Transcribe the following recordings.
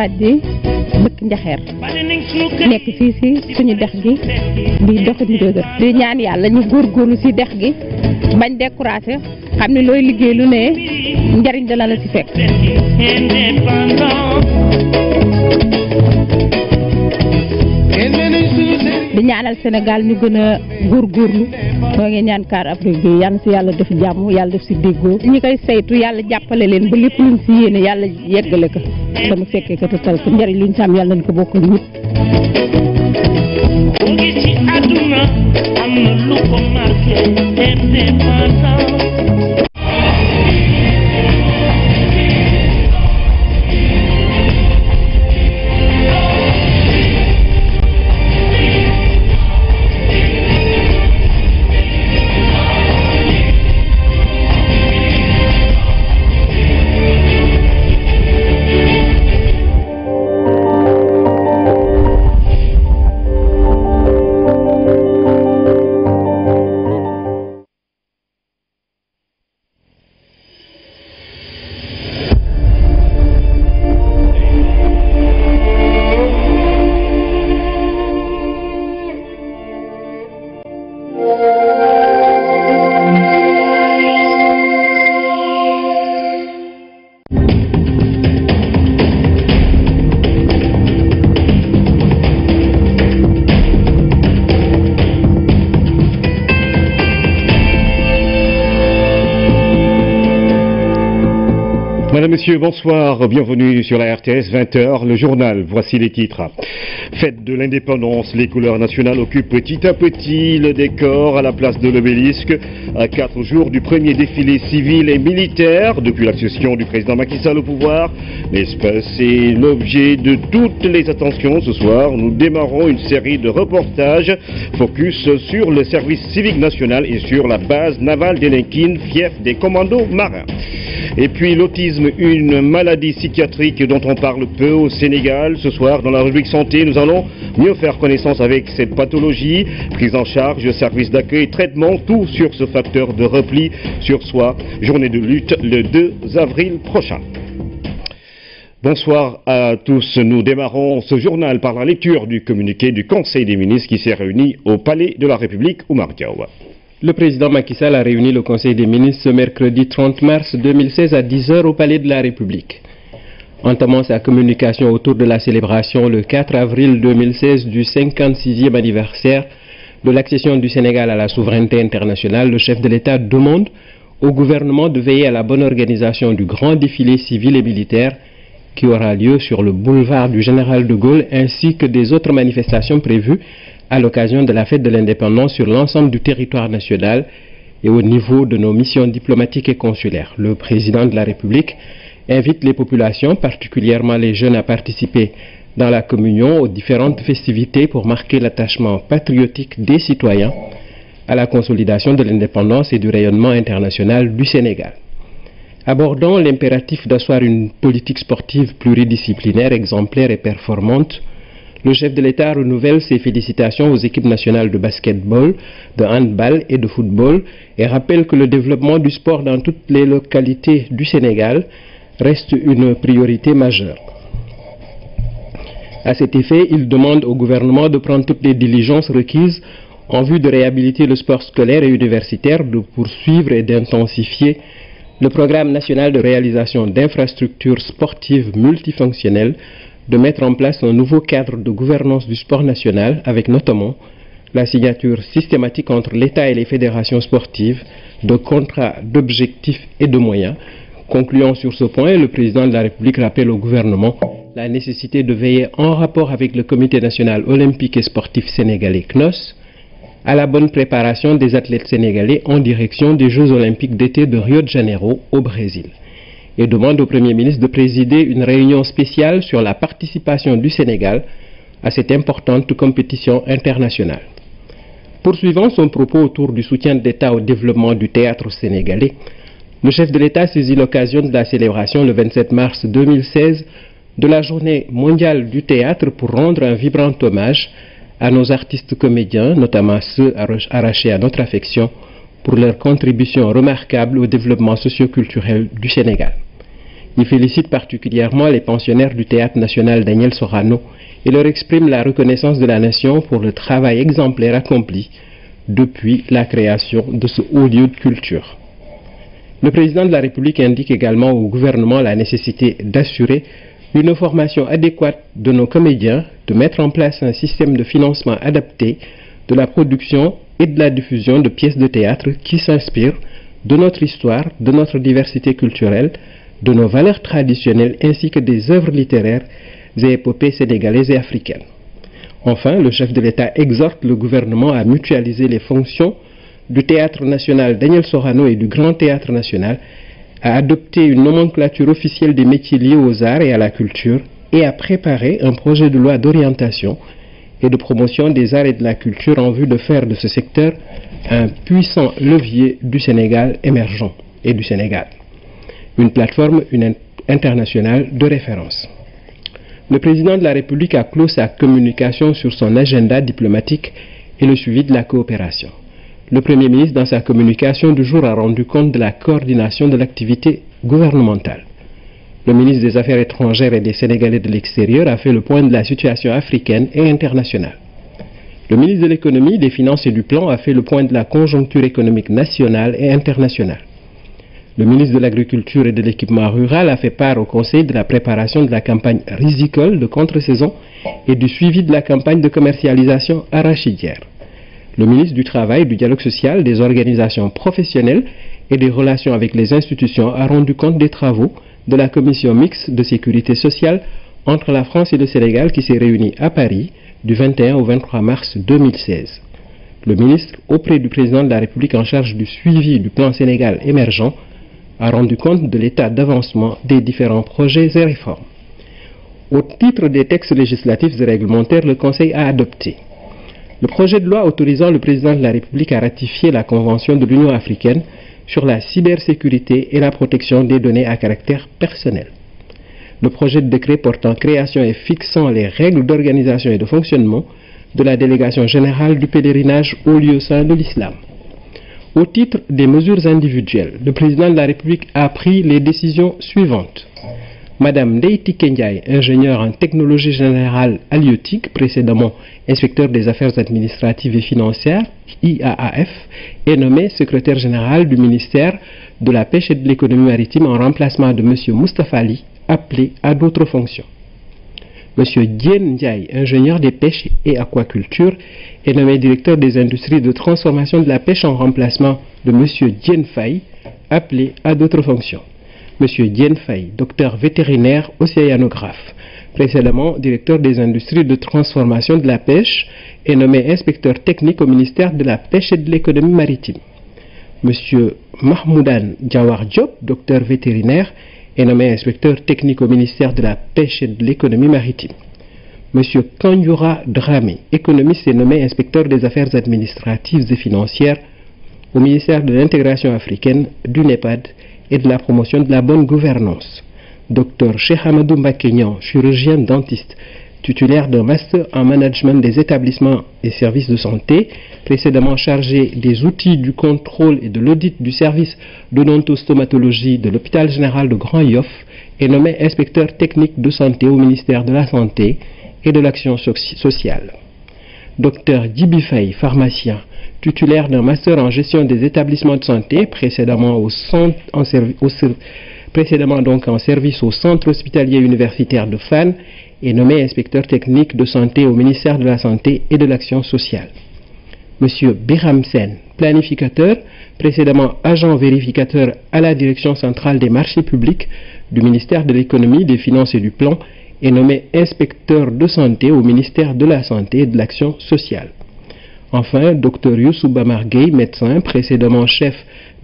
fàjji bëkk njaxeer nek fi si suñu dex gi di dox di dëgër di ñaan yalla ñu gor góorgóorlu ci dex gi bañ décourager xamni loy liggéey lu né njariñ da la la ci fekk di ñaanal Sénégal ñu gëna gor gorlu mo ngi ñaan kaar Afrique bi yal na si def jamm yalla def ci déggoo ñi koy saytu yalla jappalé len ba lepp luñ ci yéene yalla yeggale ko dana fekkee ko total ko njëriñ liñ sam yàlla ko bokk ñu ñëpp ngi ci àdduna am na lu ko marqué messieurs, bonsoir. Bienvenue sur la RTS 20h, le journal. Voici les titres. Fête de l'indépendance, les couleurs nationales occupent petit à petit le décor à la place de l'obélisque. À quatre jours du premier défilé civil et militaire, depuis l'accession du président Macky Sall au pouvoir, l'espace est l'objet de toutes les attentions. Ce soir, nous démarrons une série de reportages focus sur le service civique national et sur la base navale d'Elinquin, fief des commandos marins. Et puis l'autisme, une maladie psychiatrique dont on parle peu au Sénégal. Ce soir, dans la rubrique santé, nous allons mieux faire connaissance avec cette pathologie, prise en charge, service d'accueil, traitement, tout sur ce facteur de repli sur soi. Journée de lutte le 2 avril prochain. Bonsoir à tous. Nous démarrons ce journal par la lecture du communiqué du Conseil des ministres qui s'est réuni au Palais de la République au Maroc. Le président Macky Sall a réuni le Conseil des ministres ce mercredi 30 mars 2016 à 10h au Palais de la République. Entamant sa communication autour de la célébration le 4 avril 2016 du 56e anniversaire de l'accession du Sénégal à la souveraineté internationale, le chef de l'État demande au gouvernement de veiller à la bonne organisation du grand défilé civil et militaire qui aura lieu sur le boulevard du Général de Gaulle ainsi que des autres manifestations prévues à l'occasion de la fête de l'indépendance sur l'ensemble du territoire national et au niveau de nos missions diplomatiques et consulaires. Le président de la République invite les populations, particulièrement les jeunes, à participer dans la communion aux différentes festivités pour marquer l'attachement patriotique des citoyens à la consolidation de l'indépendance et du rayonnement international du Sénégal. Abordons l'impératif d'asseoir une politique sportive pluridisciplinaire, exemplaire et performante, le chef de l'État renouvelle ses félicitations aux équipes nationales de basketball, de handball et de football et rappelle que le développement du sport dans toutes les localités du Sénégal reste une priorité majeure. À cet effet, il demande au gouvernement de prendre toutes les diligences requises en vue de réhabiliter le sport scolaire et universitaire, de poursuivre et d'intensifier le programme national de réalisation d'infrastructures sportives multifonctionnelles de mettre en place un nouveau cadre de gouvernance du sport national avec notamment la signature systématique entre l'État et les fédérations sportives de contrats d'objectifs et de moyens. Concluant sur ce point, le président de la République rappelle au gouvernement la nécessité de veiller en rapport avec le Comité national olympique et sportif sénégalais CNOS à la bonne préparation des athlètes sénégalais en direction des Jeux olympiques d'été de Rio de Janeiro au Brésil et demande au Premier ministre de présider une réunion spéciale sur la participation du Sénégal à cette importante compétition internationale. Poursuivant son propos autour du soutien de l'État au développement du théâtre sénégalais, le chef de l'État saisit l'occasion de la célébration le 27 mars 2016 de la journée mondiale du théâtre pour rendre un vibrant hommage à nos artistes comédiens, notamment ceux arrachés à notre affection, pour leur contribution remarquable au développement socioculturel du Sénégal. Il félicite particulièrement les pensionnaires du Théâtre national Daniel Sorano et leur exprime la reconnaissance de la nation pour le travail exemplaire accompli depuis la création de ce haut lieu de culture. Le président de la République indique également au gouvernement la nécessité d'assurer une formation adéquate de nos comédiens, de mettre en place un système de financement adapté de la production et de la diffusion de pièces de théâtre qui s'inspirent de notre histoire, de notre diversité culturelle, de nos valeurs traditionnelles ainsi que des œuvres littéraires et épopées sénégalaises et africaines. Enfin, le chef de l'État exhorte le gouvernement à mutualiser les fonctions du Théâtre national Daniel Sorano et du Grand Théâtre national, à adopter une nomenclature officielle des métiers liés aux arts et à la culture et à préparer un projet de loi d'orientation et de promotion des arts et de la culture en vue de faire de ce secteur un puissant levier du Sénégal émergent et du Sénégal une plateforme une internationale de référence. Le président de la République a clos sa communication sur son agenda diplomatique et le suivi de la coopération. Le Premier ministre, dans sa communication du jour, a rendu compte de la coordination de l'activité gouvernementale. Le ministre des Affaires étrangères et des Sénégalais de l'extérieur a fait le point de la situation africaine et internationale. Le ministre de l'économie, des finances et du plan a fait le point de la conjoncture économique nationale et internationale. Le ministre de l'Agriculture et de l'Équipement Rural a fait part au Conseil de la préparation de la campagne risicole de contre-saison et du suivi de la campagne de commercialisation arachidière. Le ministre du Travail, du Dialogue social, des organisations professionnelles et des relations avec les institutions a rendu compte des travaux de la commission mixte de sécurité sociale entre la France et le Sénégal qui s'est réunie à Paris du 21 au 23 mars 2016. Le ministre, auprès du président de la République en charge du suivi du plan Sénégal émergent, a rendu compte de l'état d'avancement des différents projets et réformes. Au titre des textes législatifs et réglementaires, le Conseil a adopté le projet de loi autorisant le président de la République à ratifier la Convention de l'Union africaine sur la cybersécurité et la protection des données à caractère personnel. Le projet de décret portant création et fixant les règles d'organisation et de fonctionnement de la délégation générale du pèlerinage au lieu saint de l'islam. Au titre des mesures individuelles, le président de la République a pris les décisions suivantes. Madame Deiti Kenyai, ingénieure en technologie générale halieutique, précédemment inspecteur des affaires administratives et financières, IAAF, est nommée secrétaire générale du ministère de la Pêche et de l'économie maritime en remplacement de M. Moustapha Ali, appelé à d'autres fonctions. M. Dien Ndiaye, ingénieur des pêches et aquaculture, est nommé directeur des industries de transformation de la pêche en remplacement de M. Dien Fai, appelé à d'autres fonctions. M. Dien Fai, docteur vétérinaire océanographe, précédemment directeur des industries de transformation de la pêche, est nommé inspecteur technique au ministère de la Pêche et de l'économie maritime. M. Mahmoudan Jawar Diop, docteur vétérinaire, est nommé inspecteur technique au ministère de la Pêche et de l'économie maritime. M. Kanyura Dramé, économiste, est nommé inspecteur des affaires administratives et financières au ministère de l'intégration africaine, du NEPAD et de la promotion de la bonne gouvernance. Dr Cheikh Amadou chirurgien dentiste, titulaire d'un master en management des établissements et services de santé, précédemment chargé des outils du contrôle et de l'audit du service de d'odontostomatologie de l'hôpital général de Grand Yoff, est nommé inspecteur technique de santé au ministère de la Santé et de l'Action sociale. Docteur Fay, pharmacien, tutulaire d'un master en gestion des établissements de santé, précédemment en service précédemment donc en service au centre hospitalier universitaire de Fan est nommé inspecteur technique de santé au ministère de la Santé et de l'Action sociale. M. Sen, planificateur, précédemment agent vérificateur à la Direction centrale des marchés publics du ministère de l'économie, des finances et du plan, est nommé inspecteur de santé au ministère de la Santé et de l'Action sociale. Enfin, Dr Youssouba médecin, précédemment chef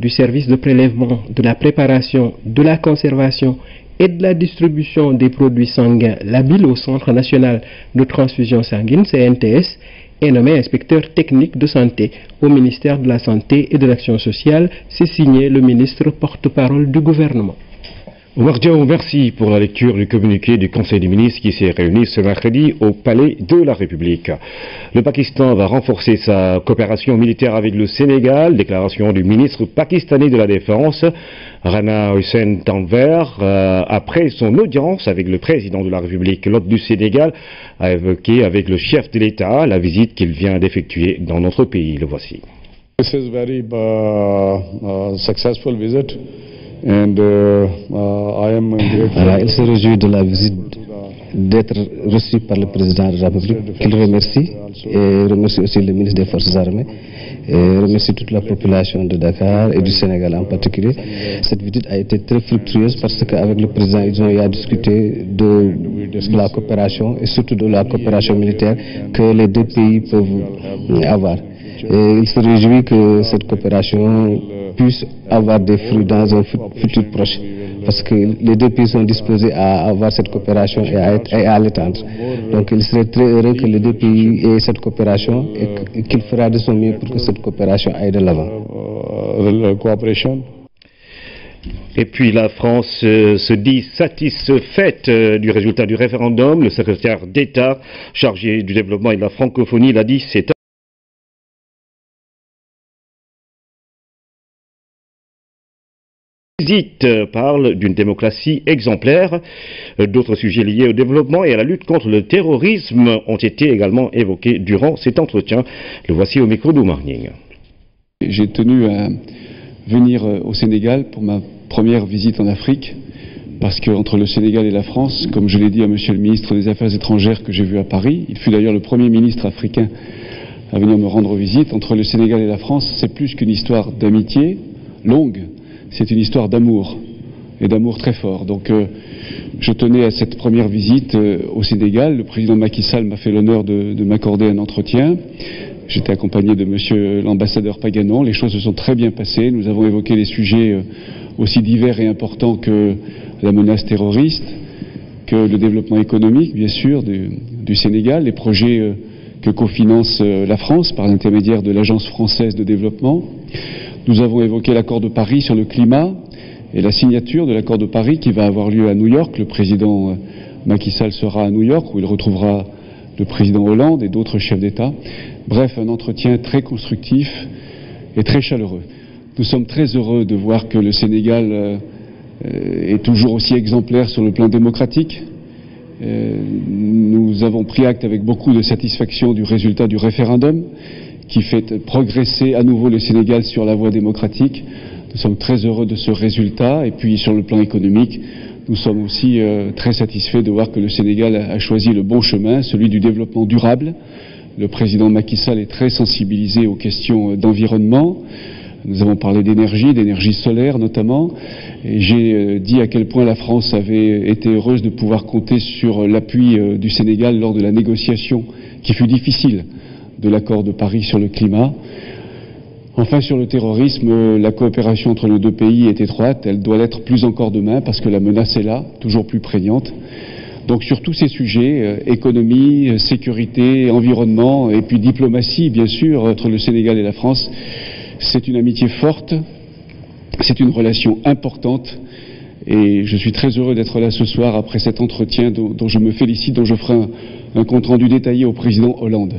du service de prélèvement, de la préparation, de la conservation et de la distribution des produits sanguins, labiles au Centre national de transfusion sanguine, CNTS, est nommé inspecteur technique de santé au ministère de la Santé et de l'Action sociale. C'est signé le ministre porte-parole du gouvernement merci pour la lecture du communiqué du Conseil des ministres qui s'est réuni ce mercredi au Palais de la République. Le Pakistan va renforcer sa coopération militaire avec le Sénégal, déclaration du ministre pakistanais de la Défense, Rana Hussein Tanver, euh, après son audience avec le président de la République. L'hôte du Sénégal a évoqué avec le chef de l'État la visite qu'il vient d'effectuer dans notre pays. Le voici. Uh, uh, Uh, uh, il se réjouit de la visite d'être reçu par le président de la République, qu'il remercie, et remercie aussi le ministre des Forces armées, et remercie toute la population de Dakar et du Sénégal en particulier. Cette visite a été très fructueuse parce qu'avec le président, ils ont eu à discuter de, la coopération et surtout de la coopération militaire que les deux pays peuvent avoir. Et il se réjouit que cette coopération puisse avoir des fruits dans un futur proche parce que les deux pays sont disposés à avoir cette coopération et à, être, à l'étendre. Donc il serait très heureux que les deux pays aient cette coopération et qu'il fera de son mieux pour que cette coopération aille de l'avant. Et puis la France euh, se dit satisfaite euh, du résultat du référendum. Le secrétaire d'État chargé du développement et de la francophonie l'a dit, c'est visite euh, parle d'une démocratie exemplaire. Euh, d'autres sujets liés au développement et à la lutte contre le terrorisme ont été également évoqués durant cet entretien. Le voici au micro d'Oumarning. J'ai tenu à venir euh, au Sénégal pour ma première visite en Afrique parce qu'entre le Sénégal et la France, comme je l'ai dit à Monsieur le ministre des Affaires étrangères que j'ai vu à Paris, il fut d'ailleurs le premier ministre africain à venir me rendre visite, entre le Sénégal et la France, c'est plus qu'une histoire d'amitié longue, c'est une histoire d'amour et d'amour très fort. Donc euh, je tenais à cette première visite euh, au Sénégal. Le président Macky Sall m'a fait l'honneur de, m'accorder un entretien. J'étais accompagné de monsieur l'ambassadeur Paganon. Les choses se sont très bien passées. Nous avons évoqué des sujets euh, aussi divers et importants que la menace terroriste, que le développement économique, bien sûr, du Sénégal, les projets que cofinance la France par l'intermédiaire de l'Agence française de développement. Nous avons évoqué l'accord de Paris sur le climat et la signature de l'accord de Paris qui va avoir lieu à New York. Le président euh, Macky Sall sera à New York où il retrouvera le président Hollande et d'autres chefs d'État. Bref, un entretien très constructif et très chaleureux. Nous sommes très heureux de voir que le Sénégal euh, est toujours aussi exemplaire sur le plan démocratique. Euh, nous avons pris acte avec beaucoup de satisfaction du résultat du référendum qui fait progresser à nouveau le Sénégal sur la voie démocratique. Nous sommes très heureux de ce résultat et puis sur le plan économique, nous sommes aussi euh, très satisfaits de voir que le Sénégal a, a choisi le bon chemin, celui du développement durable. Le président Macky Sall est très sensibilisé aux questions euh, d'environnement. Nous avons parlé d'énergie, d'énergie solaire notamment. Et j'ai euh, dit à quel point la France avait été heureuse de pouvoir compter sur l'appui du Sénégal lors de la négociation qui fut difficile de l'accord de Paris sur le climat. Enfin, sur le terrorisme, la coopération entre les deux pays est étroite. Elle doit l'être plus encore demain parce que la menace est là, toujours plus prégnante. Donc sur tous ces sujets, euh, économie, sécurité, environnement et puis diplomatie, bien sûr, entre le Sénégal et la France, c'est une amitié forte, c'est une relation importante et je suis très heureux d'être là ce soir après cet entretien dont, je me félicite, dont je ferai un compte-rendu détaillé au président Hollande.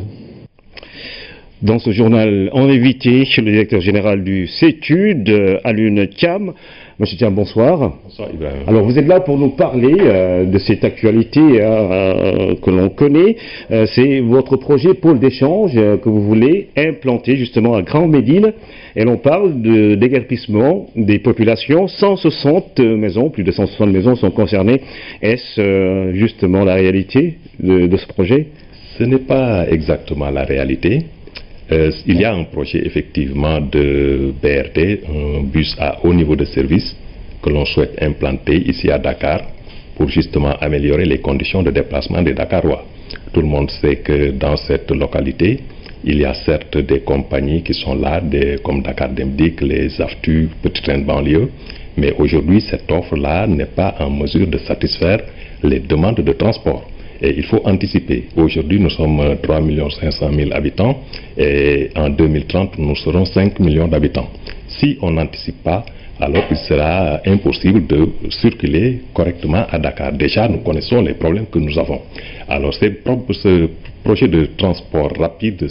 Dans ce journal en invité, le directeur général du CETUD, euh, Alune Tiam. Monsieur Tiam, bonsoir. Bonsoir. Alors vous êtes là pour nous parler euh, de cette actualité euh, que l'on connaît. C'est votre projet pôle d'échange que vous voulez implanter justement à Grand Médine. Et l'on parle de des populations. 160 maisons, plus de 160 maisons sont concernées. Est-ce justement la réalité de ce projet ce n'est pas exactement la réalité. Euh, il y a un projet effectivement de BRT, un bus à haut niveau de service que l'on souhaite implanter ici à Dakar pour justement améliorer les conditions de déplacement des Dakarois. Tout le monde sait que dans cette localité, il y a certes des compagnies qui sont là, comme Dakar Demdik, les Aftu, Petit Train de banlieue, mais aujourd'hui cette offre-là n'est pas en mesure de satisfaire les demandes de transport il faut anticiper. Aujourd'hui, nous sommes 3 500 000 habitants et en 2030, nous serons 5 millions d'habitants. Si on n'anticipe pas, alors il sera impossible de circuler correctement à Dakar. Déjà, nous connaissons les problèmes que nous avons. Alors, ce projet de transport rapide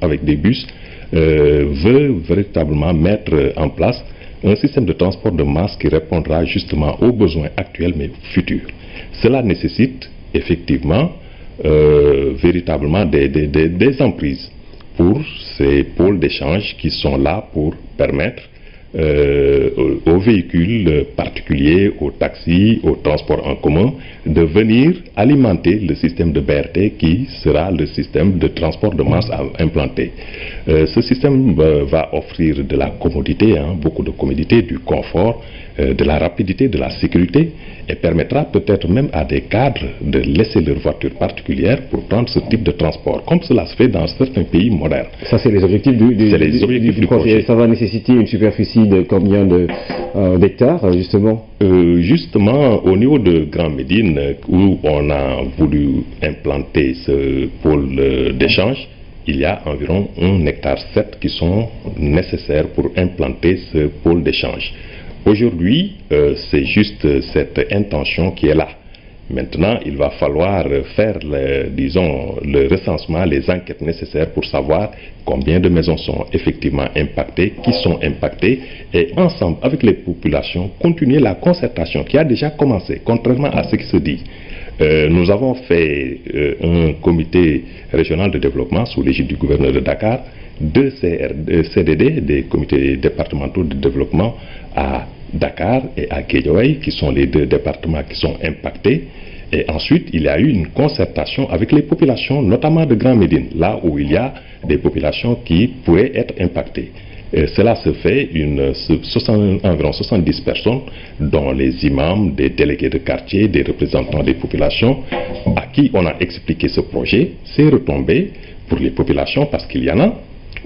avec des bus euh, veut véritablement mettre en place un système de transport de masse qui répondra justement aux besoins actuels mais futurs. Cela nécessite effectivement euh, véritablement des, des, des emprises pour ces pôles d'échange qui sont là pour permettre euh, aux véhicules particuliers, aux taxis, aux transports en commun, de venir alimenter le système de BRT qui sera le système de transport de masse à implanter. Euh, ce système euh, va offrir de la commodité, hein, beaucoup de commodité, du confort, de la rapidité, de la sécurité et permettra peut-être même à des cadres de laisser leur voiture particulière pour prendre ce type de transport, comme cela se fait dans certains pays modernes. Ça, c'est les objectifs du, projet. Ça va nécessiter une superficie de combien de d'hectares, euh, justement euh, Justement, au niveau de Grand Médine, où on a voulu implanter ce pôle euh, d'échange, il y a environ 1 hectare 7 qui sont nécessaires pour implanter ce pôle d'échange. Aujourd'hui, c'est juste cette intention qui est là. Maintenant, il va falloir faire, le, disons, le recensement, les enquêtes nécessaires pour savoir combien de maisons sont effectivement impactées, qui sont impactées, et ensemble avec les populations, continuer la concertation qui a déjà commencé, contrairement à ce qui se dit. Euh, nous avons fait euh, un comité régional de développement sous l'égide du gouverneur de Dakar, deux CDD, euh, des comités départementaux de développement, à Dakar et à qui sont les deux départements qui sont impactés. Et ensuite, il y a eu une concertation avec les populations, notamment de Grand Médine, là où il y a des populations qui pourraient être impactées. cela se fait une, environ 70 personnes, dont les imams, des délégués de quartier, des représentants des populations, à qui on a expliqué ce projet. C'est retombé pour les populations parce qu'il y en a,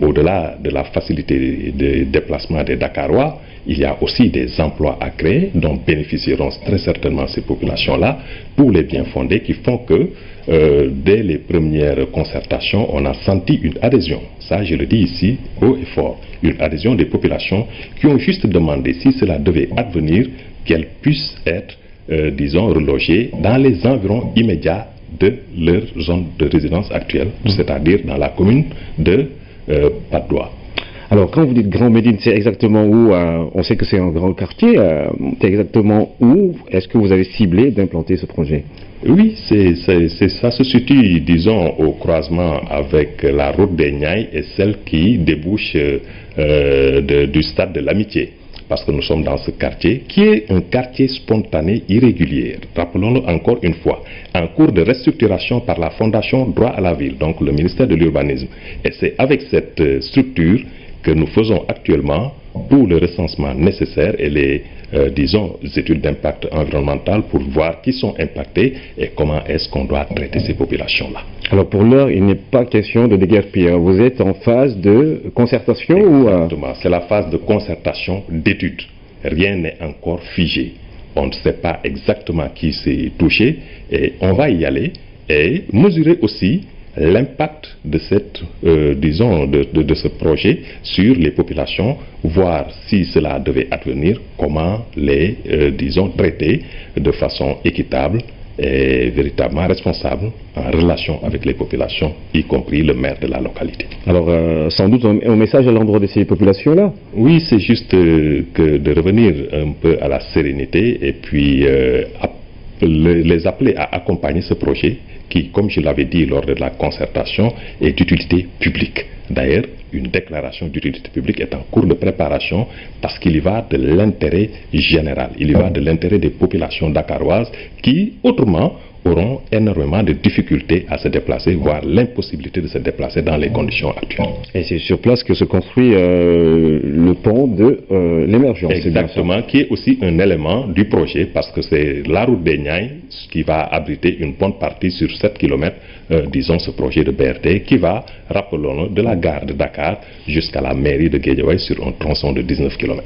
au-delà de la facilité de déplacement des Dakarois, il y a aussi des emplois à créer dont bénéficieront très certainement ces populations-là pour les biens fondés qui font que euh, dès les premières concertations, on a senti une adhésion. Ça, je le dis ici haut et fort. Une adhésion des populations qui ont juste demandé si cela devait advenir, qu'elles puissent être, euh, disons, relogées dans les environs immédiats de leur zone de résidence actuelle, c'est-à-dire dans la commune de euh, pas patois. Alors, quand vous dites Grand Médine, c'est exactement où euh, On sait que c'est un grand quartier. Euh, c'est exactement où est-ce que vous avez ciblé d'implanter ce projet Oui, c'est ça se situe, disons, au croisement avec la route des Niailles et celle qui débouche du stade de l'amitié parce que nous sommes dans ce quartier, qui est un quartier spontané irrégulier. Rappelons-le encore une fois, en cours de restructuration par la Fondation Droit à la Ville, donc le ministère de l'Urbanisme. Et c'est avec cette euh, structure que nous faisons actuellement pour le recensement nécessaire et les, euh, disons, études d'impact environnemental pour voir qui sont impactés et comment est-ce qu'on doit traiter ces populations-là. Alors pour l'heure, il n'est pas question de déguerpir. Vous êtes en phase de concertation euh, Exactement. c'est la phase de concertation d'études. Rien n'est encore figé. On ne sait pas exactement qui s'est touché et on va y aller et mesurer aussi l'impact de, cette, euh, disons, de, ce projet sur les populations, voir si cela devait advenir, comment les, euh, disons, traiter de façon équitable et véritablement responsable en relation avec les populations, y compris le maire de la localité. Alors, euh, sans doute un, message à l'endroit de ces populations-là Oui, c'est juste que de revenir un peu à la sérénité et puis les, appeler à accompagner ce projet qui, comme je l'avais dit lors de la concertation, est d'utilité publique. D'ailleurs, une déclaration d'utilité publique est en cours de préparation parce qu'il y va de l'intérêt général, il y va de l'intérêt des populations dakaroises qui, autrement, auront énormément de difficultés à se déplacer, voire l'impossibilité de se déplacer dans les conditions actuelles. Et c'est sur place que se construit euh, le pont de euh, l'émergence. Exactement, qui est aussi un élément du projet, parce que c'est la route des Niailles qui va abriter une bonne partie sur 7 km, euh, disons, ce projet de BRT, qui va, rappelons-le, de la gare de Dakar jusqu'à la mairie de Guédiaway sur un tronçon de 19 km.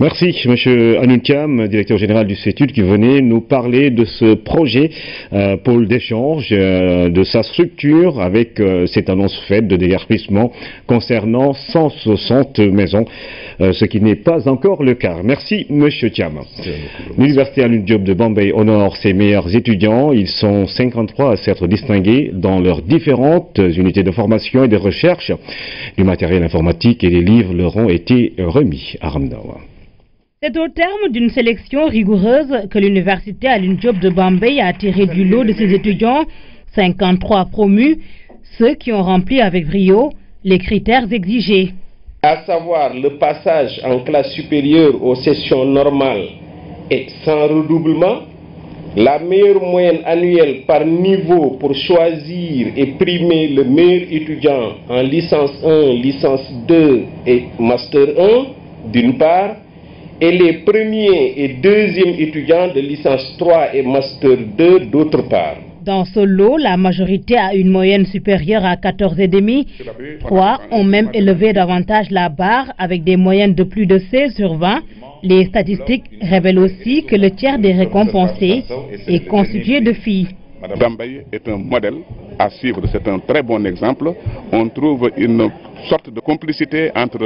Merci, Monsieur Anoukam, directeur général du CETUD, qui venait nous parler de ce projet euh, pôle d'échange, euh, de sa structure, avec euh, cette annonce faite de dégarpissement concernant 160 maisons, ce qui n'est pas encore le cas. Merci, Monsieur Thiam. L'Université Alun de Bombay honore ses meilleurs étudiants. Ils sont 53 à s'être distingués dans leurs différentes unités de formation et de recherche. Du matériel informatique et des livres leur ont été remis à Ramdawa. C'est au terme d'une sélection rigoureuse que l'université à de Bombay a attiré du lot de ses étudiants, 53 promus, ceux qui ont rempli avec brio les critères exigés. À savoir le passage en classe supérieure aux sessions normales et sans redoublement, la meilleure moyenne annuelle par niveau pour choisir et primer le meilleur étudiant en licence 1, licence 2 et master 1, d'une part, et les premiers et deuxièmes étudiants de licence 3 et master 2 d'autre part. Dans ce lot, la majorité a une moyenne supérieure à 14,5. Trois ont même élevé davantage la barre avec des moyennes de plus de 16 sur 20. Les statistiques révèlent aussi que le tiers des récompensés est constitué de filles. Madame Dambaye est un modèle à suivre, c'est un très bon exemple. On trouve une sorte de complicité entre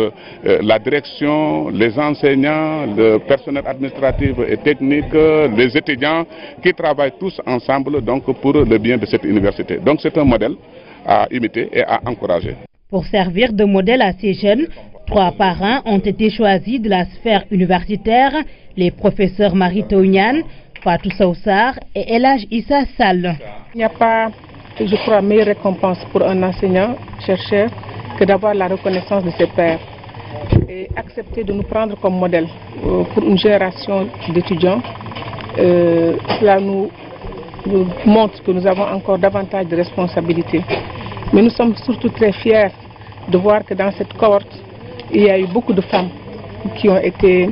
euh, la direction, les enseignants, le personnel administratif et technique, les étudiants qui travaillent tous ensemble donc, pour le bien de cette université. Donc c'est un modèle à imiter et à encourager. Pour servir de modèle à ces jeunes, trois parents ont été choisis de la sphère universitaire, les professeurs Marie Fatou Soussar et Elage Issa Sall. Il n'y a pas, je crois, meilleure récompense pour un enseignant, chercheur, que d'avoir la reconnaissance de ses pairs et accepter de nous prendre comme modèle euh, pour une génération d'étudiants. Euh, cela nous, montre que nous avons encore davantage de responsabilités. Mais nous sommes surtout très fiers de voir que dans cette cohorte, il y a eu beaucoup de femmes qui ont été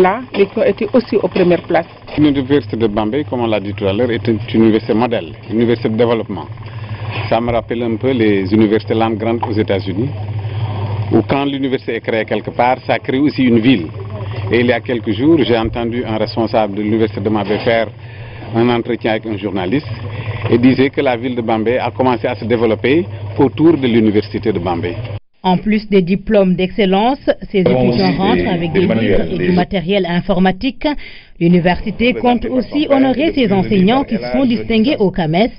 là, l'école était aussi aux premières places. L'université de Bambay, comme on l'a dit tout à l'heure, est une université modèle, une université de développement. Ça me rappelle un peu les universités land grandes aux États-Unis, où quand l'université est créée quelque part, ça crée aussi une ville. Et il y a quelques jours, j'ai entendu un responsable de l'université de Bambay faire un entretien avec un journaliste et disait que la ville de Bambay a commencé à se développer autour de l'université de Bambay. En plus des diplômes d'excellence, ces étudiants rentrent avec des, livres et du matériel informatique. L'université compte aussi honorer ses enseignants qui sont distingués au CAMES,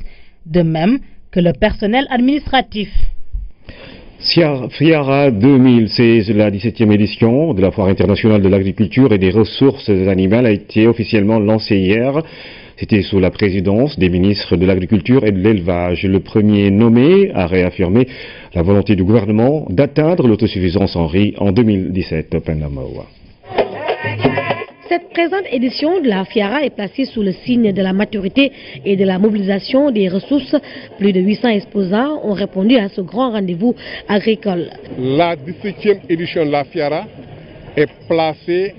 de même que le personnel administratif. Fiara 2016, la 17e édition de la Foire internationale de l'agriculture et des ressources animales a été officiellement lancée hier. C'était sous la présidence des ministres de l'Agriculture et de l'Élevage. Le premier nommé a réaffirmé la volonté du gouvernement d'atteindre l'autosuffisance en riz en 2017. Cette présente édition de la FIARA est placée sous le signe de la maturité et de la mobilisation des ressources. Plus de 800 exposants ont répondu à ce grand rendez-vous agricole. La 17e édition de la FIARA est placée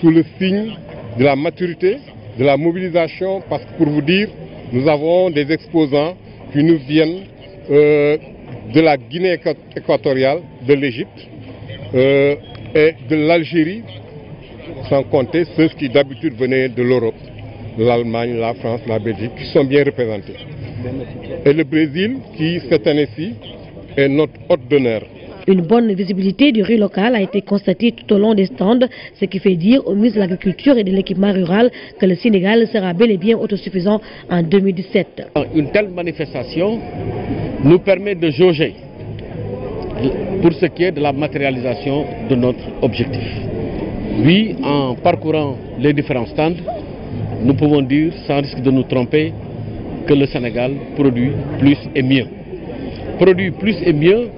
sous le signe de la maturité de la mobilisation, parce que pour vous dire, nous avons des exposants qui nous viennent euh, de la Guinée équatoriale, de l'Égypte euh, et de l'Algérie, sans compter ceux qui d'habitude venaient de l'Europe, l'Allemagne, la France, la Belgique, qui sont bien représentés. Et le Brésil, qui cette année-ci est notre hôte d'honneur. Une bonne visibilité du riz local a été constatée tout au long des stands, ce qui fait dire au ministre de l'Agriculture et de l'équipement rural que le Sénégal sera bel et bien autosuffisant en 2017. Une telle manifestation nous permet de jauger pour ce qui est de la matérialisation de notre objectif. Oui, en parcourant les différents stands, nous pouvons dire, sans risque de nous tromper, que le Sénégal produit plus et mieux. Produit plus et mieux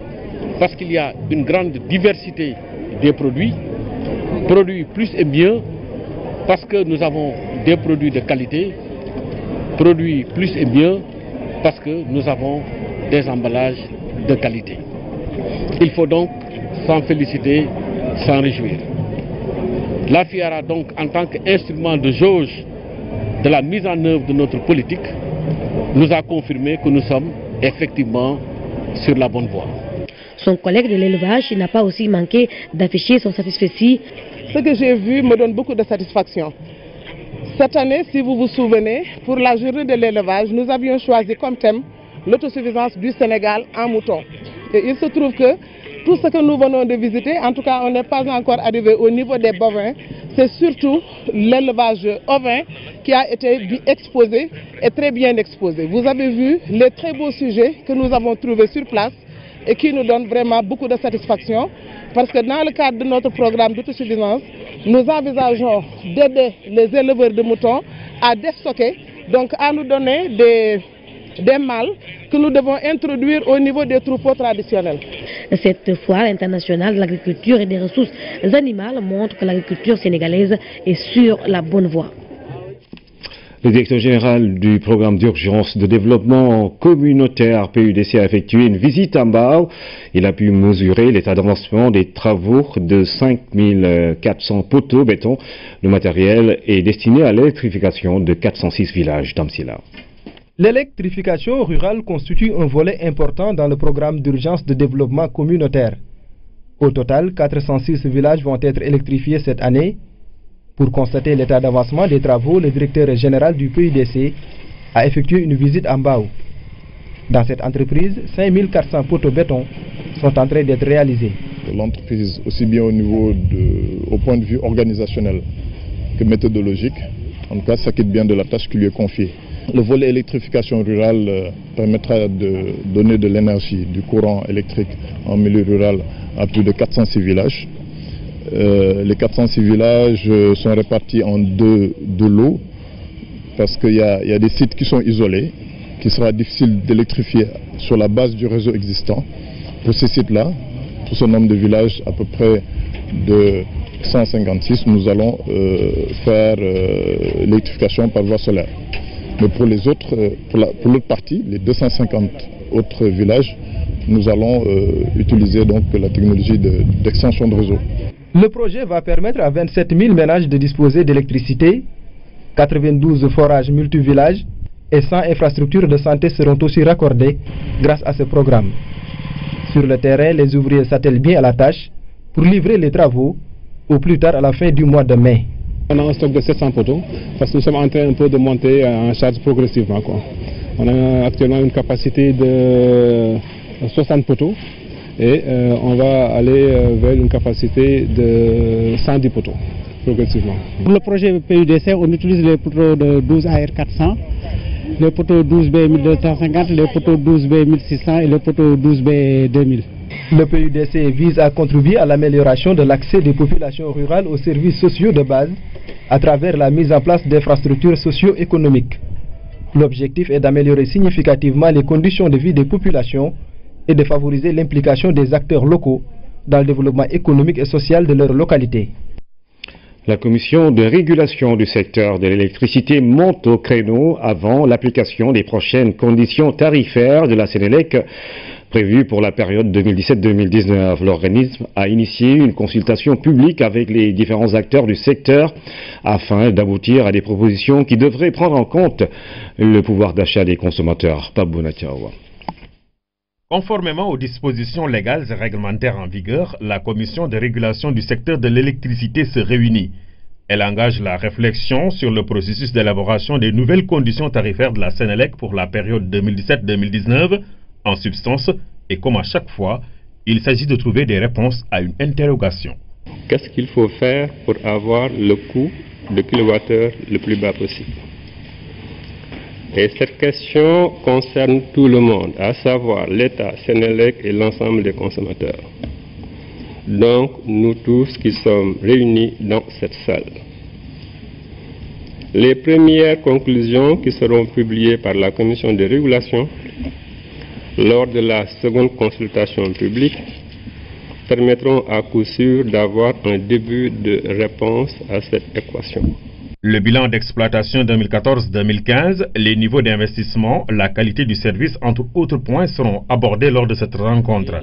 parce qu'il y a une grande diversité des produits, produits plus et mieux, parce que nous avons des produits de qualité, produits plus et mieux, parce que nous avons des emballages de qualité. Il faut donc s'en féliciter, s'en réjouir. La FIARA donc, en tant qu'instrument de jauge de la mise en œuvre de notre politique, nous a confirmé que nous sommes effectivement sur la bonne voie. Son collègue de l'élevage n'a pas aussi manqué d'afficher son satisfaction. Ce que j'ai vu me donne beaucoup de satisfaction. Cette année, si vous vous souvenez, pour la journée de l'élevage, nous avions choisi comme thème l'autosuffisance du Sénégal en mouton. Et il se trouve que tout ce que nous venons de visiter, en tout cas on n'est pas encore arrivé au niveau des bovins, c'est surtout l'élevage ovin qui a été exposé et très bien exposé. Vous avez vu les très beaux sujets que nous avons trouvés sur place et qui nous donne vraiment beaucoup de satisfaction parce que dans le cadre de notre programme d'autosuffisance, nous envisageons d'aider les éleveurs de moutons à déstocker, donc à nous donner des, des mâles que nous devons introduire au niveau des troupeaux traditionnels. Cette foire internationale de l'agriculture et des ressources animales montre que l'agriculture sénégalaise est sur la bonne voie. Le directeur général du programme d'urgence de développement communautaire PUDC a effectué une visite à Mbao. Il a pu mesurer l'état d'avancement des travaux de 5400 poteaux béton. Le matériel est destiné à l'électrification de 406 villages d'Amsila. L'électrification rurale constitue un volet important dans le programme d'urgence de développement communautaire. Au total, 406 villages vont être électrifiés cette année pour constater l'état d'avancement des travaux, le directeur général du PIDC a effectué une visite en Mbao. Dans cette entreprise, 5400 poteaux béton sont en train d'être réalisés. L'entreprise, aussi bien au niveau de, au point de vue organisationnel que méthodologique, en tout cas, s'acquitte bien de la tâche qui lui est confiée. Le volet électrification rurale euh, permettra de donner de l'énergie, du courant électrique en milieu rural à plus de 406 villages. Euh, les 406 villages euh, sont répartis en deux, lots parce qu'il y, a des sites qui sont isolés, qui sera difficile d'électrifier sur la base du réseau existant. Pour ces sites-là, pour ce nombre de villages à peu près de 156, nous allons euh, faire l'électrification par voie solaire. Mais pour les pour l'autre partie, les 250 autres villages, nous allons utiliser donc la technologie d'extension de réseau. Le projet va permettre à 27 000 ménages de disposer d'électricité, 92 forages multivillages et 100 infrastructures de santé seront aussi raccordées grâce à ce programme. Sur le terrain, les ouvriers s'attellent bien à la tâche pour livrer les travaux au plus tard à la fin du mois de mai. On a un stock de 700 poteaux parce que nous sommes en train un peu de monter en charge progressivement. On a actuellement une capacité de 60 poteaux et euh, on va aller euh, vers une capacité de 110 poteaux progressivement. Pour le projet PUDC, on utilise les poteaux de 12 AR 400, les poteaux 12B 1250, les poteaux 12B 1600 et les poteaux 12B 2000. Le PUDC vise à contribuer à l'amélioration de l'accès des populations rurales aux services sociaux de base à travers la mise en place d'infrastructures socio-économiques. L'objectif est d'améliorer significativement les conditions de vie des populations et de favoriser l'implication des acteurs locaux dans le développement économique et social de leur localité. La commission de régulation du secteur de l'électricité monte au créneau avant l'application des prochaines conditions tarifaires de la Sénélec prévues pour la période 2017-2019. L'organisme a initié une consultation publique avec les différents acteurs du secteur afin d'aboutir à des propositions qui devraient prendre en compte le pouvoir d'achat des consommateurs. Pabou Conformément aux dispositions légales et réglementaires en vigueur, la Commission de régulation du secteur de l'électricité se réunit. Elle engage la réflexion sur le processus d'élaboration des nouvelles conditions tarifaires de la Sénélec pour la période 2017-2019. En substance, et comme à chaque fois, il s'agit de trouver des réponses à une interrogation. Qu'est-ce qu'il faut faire pour avoir le coût de kilowattheure le plus bas possible et cette question concerne tout le monde, à savoir l'État, Sénélec et l'ensemble des consommateurs. Donc, nous tous qui sommes réunis dans cette salle. Les premières conclusions qui seront publiées par la Commission de régulation lors de la seconde consultation publique permettront à coup sûr d'avoir un début de réponse à cette équation. Le bilan d'exploitation 2014-2015, les niveaux d'investissement, la qualité du service, entre autres points, seront abordés lors de cette rencontre.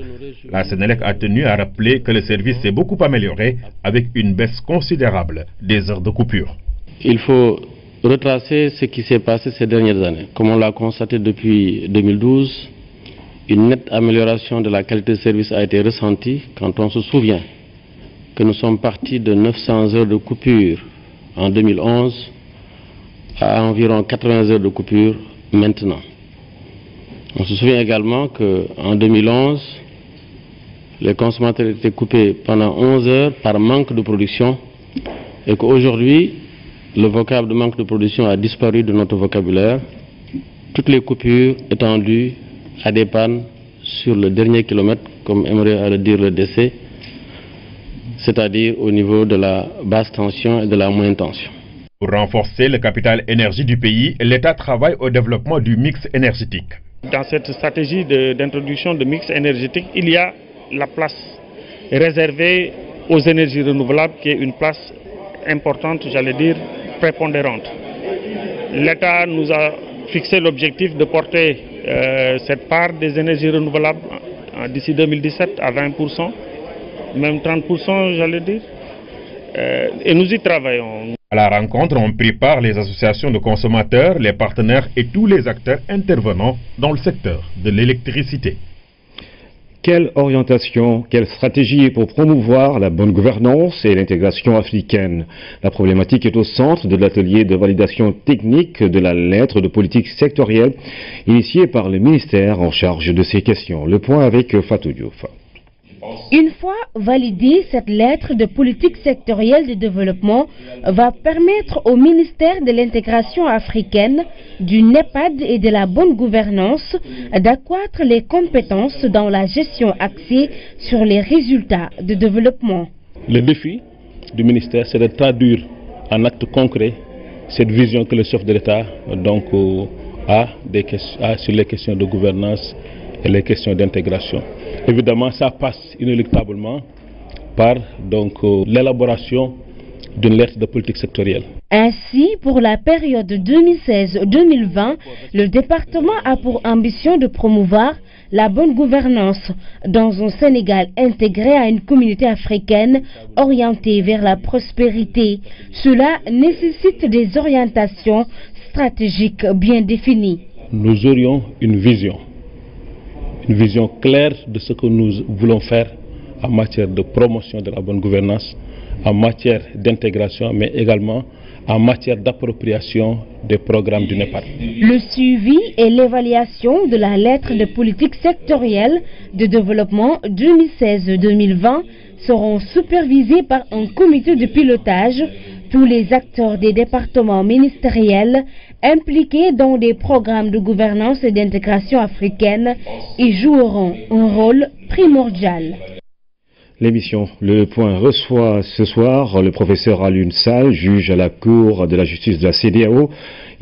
La Sénélec a tenu à rappeler que le service s'est beaucoup amélioré avec une baisse considérable des heures de coupure. Il faut retracer ce qui s'est passé ces dernières années. Comme on l'a constaté depuis 2012, une nette amélioration de la qualité de service a été ressentie quand on se souvient que nous sommes partis de 900 heures de coupure en 2011 à environ 80 heures de coupure maintenant. On se souvient également qu'en 2011, les consommateurs étaient coupés pendant 11 heures par manque de production et qu'aujourd'hui, le vocable de manque de production a disparu de notre vocabulaire, toutes les coupures étendues à des pannes sur le dernier kilomètre, comme aimerait le dire le décès, c'est-à-dire au niveau de la basse tension et de la moyenne tension. Pour renforcer le capital énergie du pays, l'État travaille au développement du mix énergétique. Dans cette stratégie d'introduction du mix énergétique, il y a la place réservée aux énergies renouvelables qui est une place importante, j'allais dire, prépondérante. L'État nous a fixé l'objectif de porter euh, cette part des énergies renouvelables d'ici 2017 à 20% même 30%, j'allais dire. Euh, et nous y travaillons. À la rencontre, on prépare les associations de consommateurs, les partenaires et tous les acteurs intervenants dans le secteur de l'électricité. Quelle orientation, quelle stratégie pour promouvoir la bonne gouvernance et l'intégration africaine La problématique est au centre de l'atelier de validation technique de la lettre de politique sectorielle initiée par le ministère en charge de ces questions. Le point avec Fatou Diouf. Une fois validée, cette lettre de politique sectorielle de développement va permettre au ministère de l'intégration africaine, du NEPAD et de la bonne gouvernance d'accroître les compétences dans la gestion axée sur les résultats de développement. Le défi du ministère, c'est de traduire en actes concrets cette vision que le chef de l'État euh, a, a sur les questions de gouvernance et les questions d'intégration. Évidemment, ça passe inéluctablement par donc euh, l'élaboration d'une lettre de politique sectorielle. Ainsi, pour la période 2016-2020, le département a pour ambition de promouvoir la bonne gouvernance dans un Sénégal intégré à une communauté africaine orientée vers la prospérité. Cela nécessite des orientations stratégiques bien définies. Nous aurions une vision une vision claire de ce que nous voulons faire en matière de promotion de la bonne gouvernance, en matière d'intégration, mais également en matière d'appropriation des programmes du Népal. Le suivi et l'évaluation de la lettre de politique sectorielle de développement 2016-2020 seront supervisés par un comité de pilotage. Tous les acteurs des départements ministériels impliqués dans des programmes de gouvernance et d'intégration africaine ils joueront un rôle primordial. L'émission Le Point reçoit ce soir le professeur Alun Sall, juge à la Cour de la justice de la CDAO,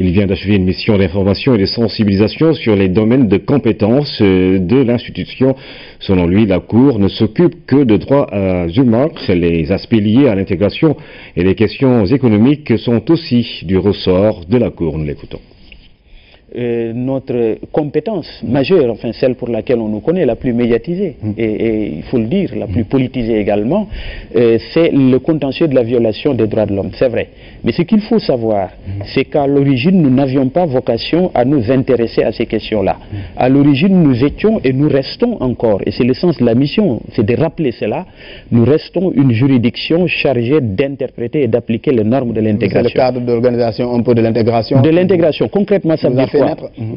il vient d'achever une mission d'information et de sensibilisation sur les domaines de compétences euh, de l'institution. Selon lui, la Cour ne s'occupe que de droits euh, humains. Les aspects liés à l'intégration et les questions économiques sont aussi du ressort de la Cour. Nous l'écoutons. Euh, notre compétence majeure, enfin celle pour laquelle on nous connaît, la plus médiatisée, mm. et, il faut le dire, la plus mm. politisée également, euh, c'est le contentieux de la violation des droits de l'homme, c'est vrai. Mais ce qu'il faut savoir, mm. c'est qu'à l'origine, nous n'avions pas vocation à nous intéresser à ces questions-là. À l'origine, nous étions et nous restons encore, et c'est le sens de la mission, c'est de rappeler cela, nous restons une juridiction chargée d'interpréter et d'appliquer les normes de l'intégration. C'est le cadre de l'organisation, un peu de l'intégration De l'intégration, concrètement, ça veut dire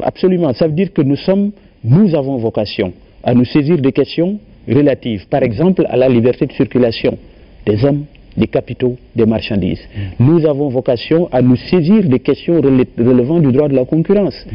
Absolument. Ça veut dire que nous sommes, nous avons vocation à nous saisir des questions relatives, par exemple à la liberté de circulation des hommes, des capitaux, des marchandises. Mm. Nous avons vocation à nous saisir des questions relevant du droit de la concurrence. Mm.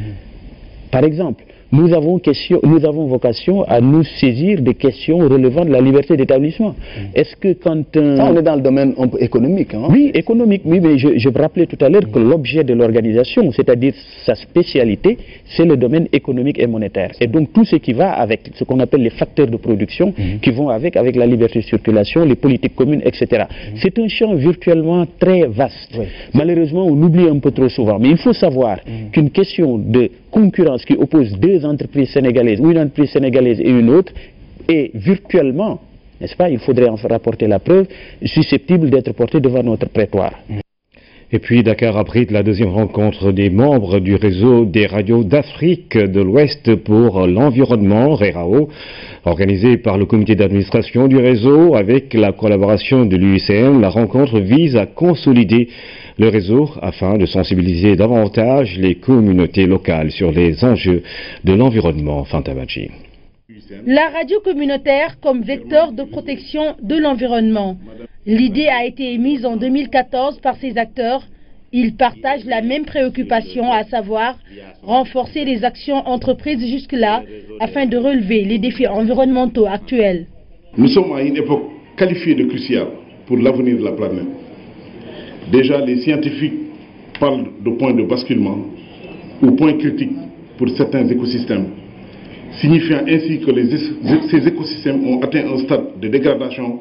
Par exemple, nous avons, question, nous avons vocation à nous saisir des questions relevant de la liberté d'établissement. Mm. Est-ce que quand... on est dans le domaine économique. Hein. Oui, économique, oui, mais je, me rappelais tout à l'heure que mm. l'objet de l'organisation, c'est-à-dire sa spécialité, c'est le domaine économique et monétaire. Et donc tout ce qui va avec ce qu'on appelle les facteurs de production, mm. qui vont avec, avec la liberté de circulation, les politiques communes, etc. C'est un champ virtuellement très vaste. Malheureusement, on oublie un peu trop souvent. Mais il faut savoir qu'une question de concurrence qui oppose deux entreprises sénégalaises, ou une entreprise sénégalaise et une autre, et virtuellement, n'est-ce pas, il faudrait en rapporter la preuve, susceptible d'être portée devant notre prétoire. Et puis Dakar abrite la deuxième rencontre des membres du réseau des radios d'Afrique de l'Ouest pour l'environnement, RERAO, organisée par le comité d'administration du réseau avec la collaboration de l'UICN. La rencontre vise à consolider le réseau afin de sensibiliser davantage les communautés locales sur les enjeux de l'environnement. Fantabachi. La radio communautaire comme vecteur de protection de l'environnement. L'idée a été émise en 2014 par ces acteurs. Ils partagent la même préoccupation, à savoir renforcer les actions entreprises jusque-là afin de relever les défis environnementaux actuels. Nous sommes à une époque qualifiée de cruciale pour l'avenir de la planète. Déjà, les scientifiques parlent de points de basculement ou points critiques pour certains écosystèmes signifiant ainsi que ces écosystèmes ont atteint un stade de dégradation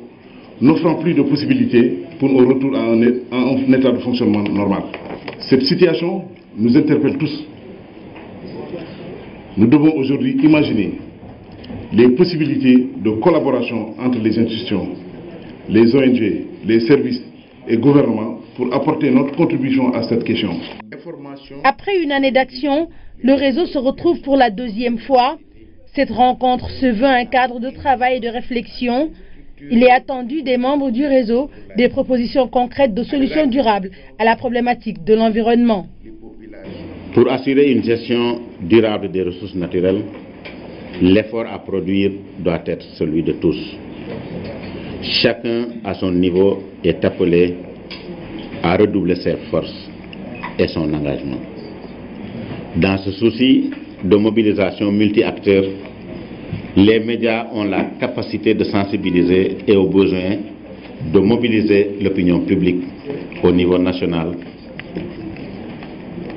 n'offrant plus de possibilités pour un retour à un, état de fonctionnement normal. Cette situation nous interpelle tous. Nous devons aujourd'hui imaginer les possibilités de collaboration entre les institutions, les ONG, les services et gouvernements pour apporter notre contribution à cette question. Après une année d'action, le réseau se retrouve pour la deuxième fois cette rencontre se veut un cadre de travail et de réflexion. Il est attendu des membres du réseau des propositions concrètes de solutions durables à la problématique de l'environnement. Pour assurer une gestion durable des ressources naturelles, l'effort à produire doit être celui de tous. Chacun à son niveau est appelé à redoubler ses forces et son engagement. Dans ce souci, de mobilisation multi-acteurs, les médias ont la capacité de sensibiliser et au besoin de mobiliser l'opinion publique au niveau national,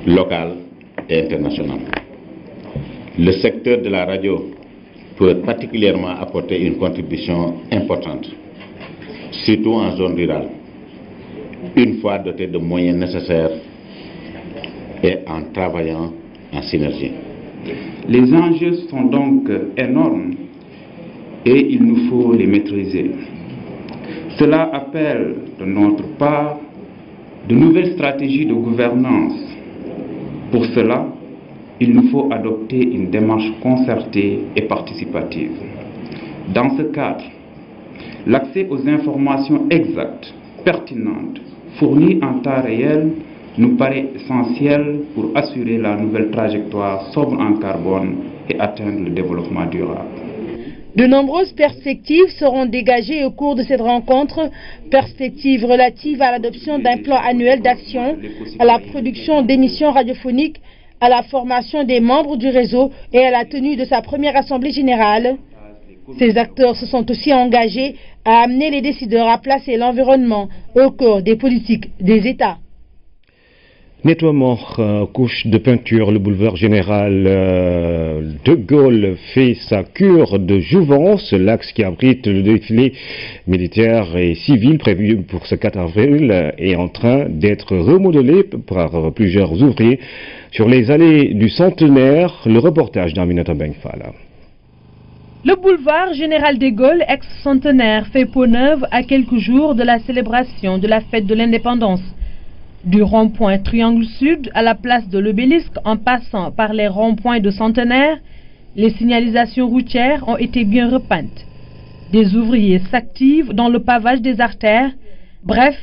local et international. Le secteur de la radio peut particulièrement apporter une contribution importante, surtout en zone rurale, une fois doté de moyens nécessaires et en travaillant en synergie. Les enjeux sont donc énormes et il nous faut les maîtriser. Cela appelle de notre part de nouvelles stratégies de gouvernance. Pour cela, il nous faut adopter une démarche concertée et participative. Dans ce cadre, l'accès aux informations exactes, pertinentes, fournies en temps réel nous paraît essentiel pour assurer la nouvelle trajectoire sobre en carbone et atteindre le développement durable. De nombreuses perspectives seront dégagées au cours de cette rencontre, perspectives relatives à l'adoption d'un plan annuel d'action, à la production d'émissions radiophoniques, à la formation des membres du réseau et à la tenue de sa première assemblée générale. Ces acteurs se sont aussi engagés à amener les décideurs à placer l'environnement au cœur des politiques des États. Nettoiement, euh, couche de peinture, le boulevard général euh, de Gaulle fait sa cure de jouvence. L'axe qui abrite le défilé militaire et civil prévu pour ce 4 avril est en train d'être remodelé par plusieurs ouvriers sur les allées du centenaire. Le reportage d'Arminata Bengfala. Le boulevard Général de Gaulle, ex-centenaire, fait peau neuve à quelques jours de la célébration de la fête de l'indépendance. Du rond-point Triangle Sud à la place de l'obélisque en passant par les ronds-points de Centenaire, les signalisations routières ont été bien repeintes. Des ouvriers s'activent dans le pavage des artères. Bref,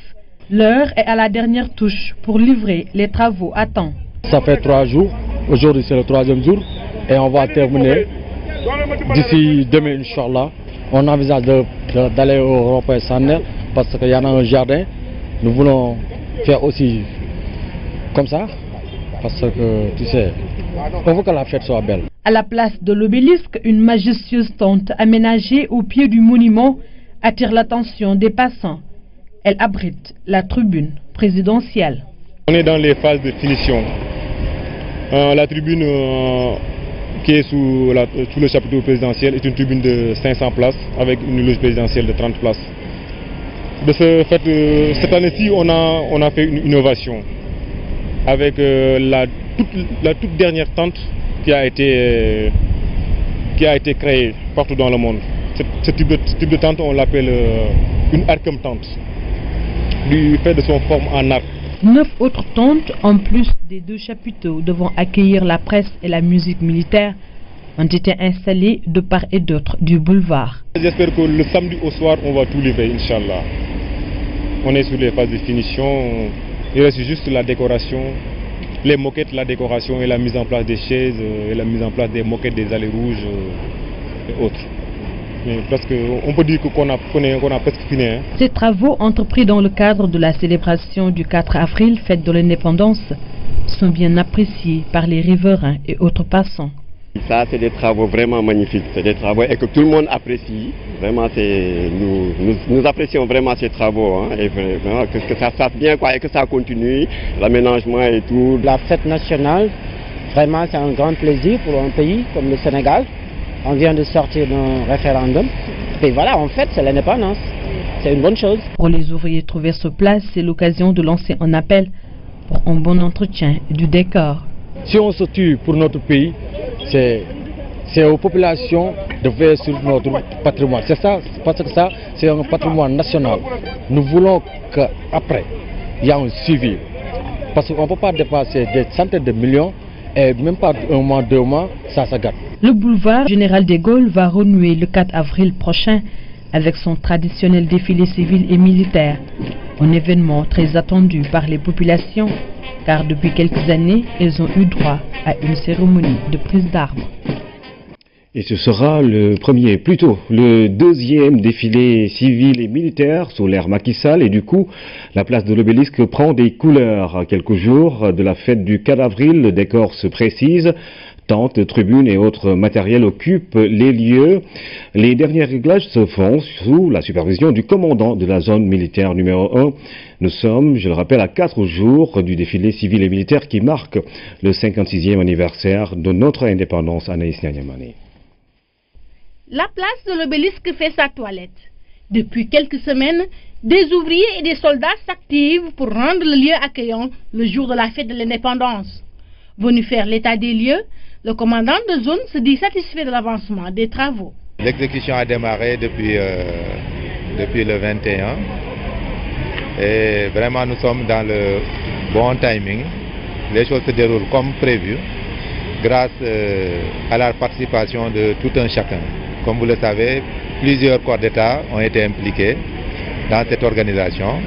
l'heure est à la dernière touche pour livrer les travaux à temps. Ça fait trois jours. Aujourd'hui, c'est le troisième jour. Et on va terminer d'ici demain, Inch'Allah. On envisage d'aller au rond-point parce qu'il y en a un jardin. Nous voulons faire aussi comme ça, parce que tu sais, on veut que la fête soit belle. À la place de l'obélisque, une majestueuse tente aménagée au pied du monument attire l'attention des passants. Elle abrite la tribune présidentielle. On est dans les phases de finition. Euh, la tribune euh, qui est sous, sous le chapiteau présidentiel est une tribune de 500 places avec une loge présidentielle de 30 places. Euh, cette, année-ci, on a, on a fait une innovation avec euh, la toute, dernière tente qui a été, euh, qui a été créée partout dans le monde. Ce, type, de, tente, on l'appelle une arcum tente, du fait de son forme en arc. Neuf autres tentes, en plus des deux chapiteaux, devant accueillir la presse et la musique militaire, ont été installés de part et d'autre du boulevard. J'espère que le samedi au soir, on va tout lever, Inch'Allah. On est sur les phases de finition. Il reste juste la décoration, les moquettes, la décoration et la mise en place des chaises, euh, et la mise en place des moquettes des allées rouges euh, et autres. Mais on peut dire qu'on a, presque fini. Hein. Ces travaux entrepris dans le cadre de la célébration du 4 avril, fête de l'indépendance, sont bien appréciés par les riverains et autres passants. Ça, c'est des travaux vraiment magnifiques. C'est des travaux et que tout le monde apprécie. Vraiment, nous, nous, nous, apprécions vraiment ces travaux. Hein. et vraiment, que, ça se bien et que ça continue, l'aménagement et tout. La fête nationale, vraiment, c'est un grand plaisir pour un pays comme le Sénégal. On vient de sortir d'un référendum. Et voilà, en fait, c'est l'indépendance. C'est une bonne chose. Pour les ouvriers trouvés sur place, c'est l'occasion de lancer un appel pour un bon entretien du décor. Si on se tue pour notre pays, c'est aux populations de veiller sur notre patrimoine. C'est ça, parce que ça, c'est un patrimoine national. Nous voulons qu'après, il y a un suivi. Parce qu'on ne peut pas dépasser des centaines de millions et même pas un mois, deux mois, ça, ça Le boulevard Général de Gaulle va renouer le 4 avril prochain avec son traditionnel défilé civil et militaire, un événement très attendu par les populations, car depuis quelques années, elles ont eu droit à une cérémonie de prise d'armes. Et ce sera le premier, plutôt le deuxième défilé civil et militaire sous l'ère Macky Sall. Et du coup, la place de l'obélisque prend des couleurs. Quelques jours de la fête du 4 avril, le décor se précise tentes, tribunes et autres matériels occupent les lieux. Les derniers réglages se font sous la supervision du commandant de la zone militaire numéro 1. Nous sommes, je le rappelle, à quatre jours du défilé civil et militaire qui marque le 56e anniversaire de notre indépendance, Naïs Nyamani. La place de l'obélisque fait sa toilette. Depuis quelques semaines, des ouvriers et des soldats s'activent pour rendre le lieu accueillant le jour de la fête de l'indépendance. Venu faire l'état des lieux, le commandant de zone se dit satisfait de l'avancement des travaux. L'exécution a démarré depuis, euh, depuis le 21 et vraiment nous sommes dans le bon timing. Les choses se déroulent comme prévu grâce euh, à la participation de tout un chacun. Comme vous le savez, plusieurs corps d'État ont été impliqués dans cette organisation.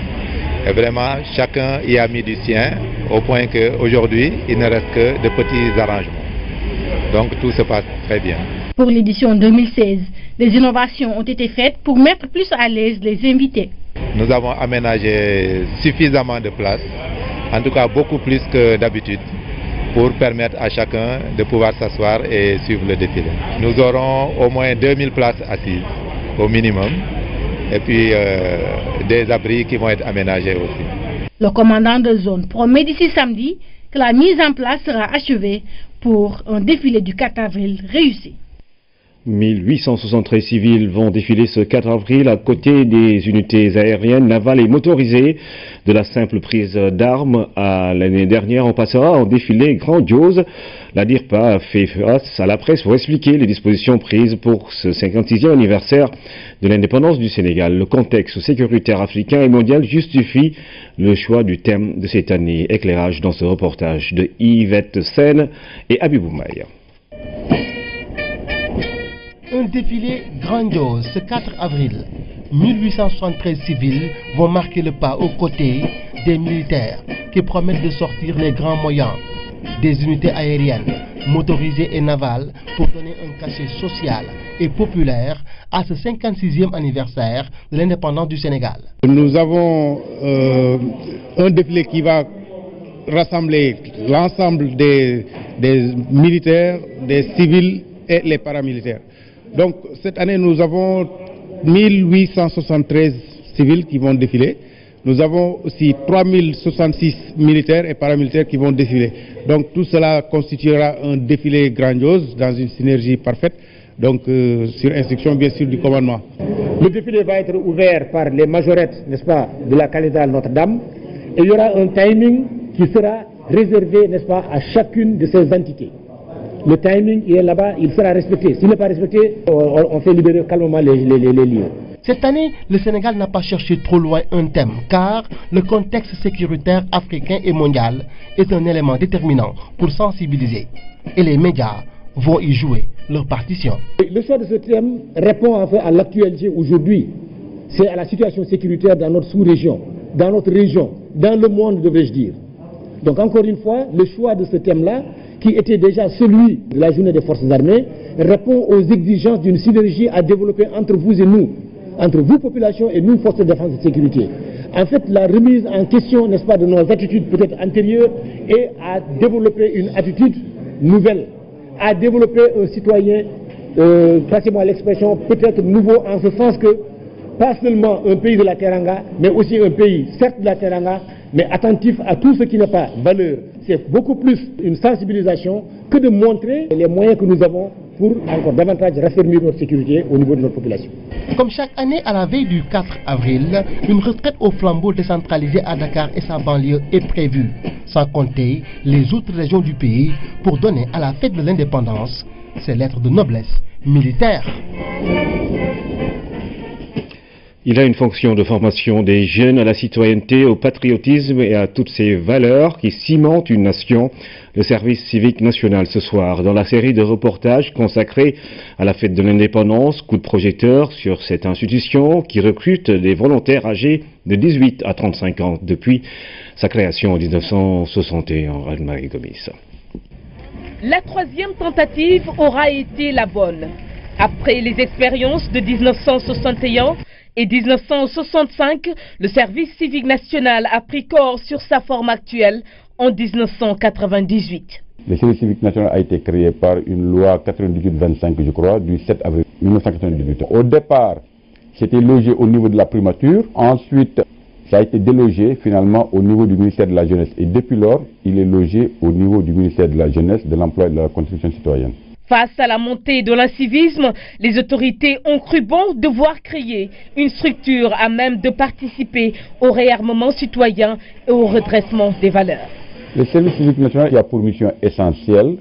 Et vraiment, chacun y a mis du sien, au point qu'aujourd'hui, il ne reste que de petits arrangements. Donc tout se passe très bien. Pour l'édition 2016, des innovations ont été faites pour mettre plus à l'aise les invités. Nous avons aménagé suffisamment de places, en tout cas beaucoup plus que d'habitude, pour permettre à chacun de pouvoir s'asseoir et suivre le défilé. Nous aurons au moins 2000 places assises, au minimum, et puis euh, des abris qui vont être aménagés aussi. Le commandant de zone promet d'ici samedi que la mise en place sera achevée pour un défilé du 4 avril réussi. 1873 civils vont défiler ce 4 avril à côté des unités aériennes, navales et motorisées. De la simple prise d'armes à l'année dernière, on passera en défilé grandiose. La DIRPA fait face à la presse pour expliquer les dispositions prises pour ce 56e anniversaire de l'indépendance du Sénégal. Le contexte sécuritaire africain et mondial justifie le choix du thème de cette année. Éclairage dans ce reportage de Yvette Seine et Abibou Maïa un défilé grandiose ce 4 avril. 1873 civils vont marquer le pas aux côtés des militaires qui promettent de sortir les grands moyens des unités aériennes, motorisées et navales pour donner un cachet social et populaire à ce 56e anniversaire de l'indépendance du Sénégal. Nous avons euh, un défilé qui va rassembler l'ensemble des militaires, des civils et les paramilitaires. Donc cette année, nous avons 1873 civils qui vont défiler. Nous avons aussi 3066 militaires et paramilitaires qui vont défiler. Donc tout cela constituera un défilé grandiose dans une synergie parfaite, donc euh, sur instruction bien sûr du commandement. Le défilé va être ouvert par les majorettes, n'est-ce pas, de la cathédrale Notre-Dame. Et il y aura un timing qui sera réservé, n'est-ce pas, à chacune de ces entités le timing est là-bas, il sera respecté. S'il n'est pas respecté, on, fait libérer calmement les, les, Cette année, le Sénégal n'a pas cherché trop loin un thème, car le contexte sécuritaire africain et mondial est un élément déterminant pour sensibiliser. Et les médias vont y jouer leur partition. Le choix de ce thème répond en fait à l'actualité aujourd'hui. C'est à la situation sécuritaire dans notre sous-région, dans notre région, dans le monde, devais je dire. Donc encore une fois, le choix de ce thème-là qui était déjà celui de la journée des forces armées, répond aux exigences d'une synergie à développer entre vous et nous, entre vous, populations et nous, forces de défense et de sécurité. En fait, la remise en question, n'est-ce pas, de nos attitudes peut-être antérieures et à développer une attitude nouvelle, à développer un citoyen, euh, passez l'expression, peut-être nouveau en ce sens que pas seulement un pays de la Teranga, mais aussi un pays, certes de la Teranga, mais attentif à tout ce qui n'est pas valeur, c'est beaucoup plus une sensibilisation que de montrer les moyens que nous avons pour encore davantage raffermir notre sécurité au niveau de notre population. Comme chaque année, à la veille du 4 avril, une retraite au flambeau décentralisé à Dakar et sa banlieue est prévue, sans compter les autres régions du pays, pour donner à la fête de l'indépendance ses lettres de noblesse militaire. Il a une fonction de formation des jeunes à la citoyenneté, au patriotisme et à toutes ces valeurs qui cimentent une nation. Le service civique national ce soir, dans la série de reportages consacrés à la fête de l'indépendance, coup de projecteur sur cette institution qui recrute des volontaires âgés de 18 à 35 ans depuis sa création en 1961. Anne-Marie Gomis. La troisième tentative aura été la bonne. Après les expériences de 1961, et 1965, le service civique national a pris corps sur sa forme actuelle en 1998. Le service civique national a été créé par une loi 98-25, je crois, du 7 avril 1998. Au départ, c'était logé au niveau de la primature. Ensuite, ça a été délogé finalement au niveau du ministère de la Jeunesse. Et depuis lors, il est logé au niveau du ministère de la Jeunesse, de l'Emploi et de la Construction citoyenne. Face à la montée de l'incivisme, les autorités ont cru bon devoir créer une structure à même de participer au réarmement citoyen et au redressement des valeurs. Le service civique national a pour mission essentielle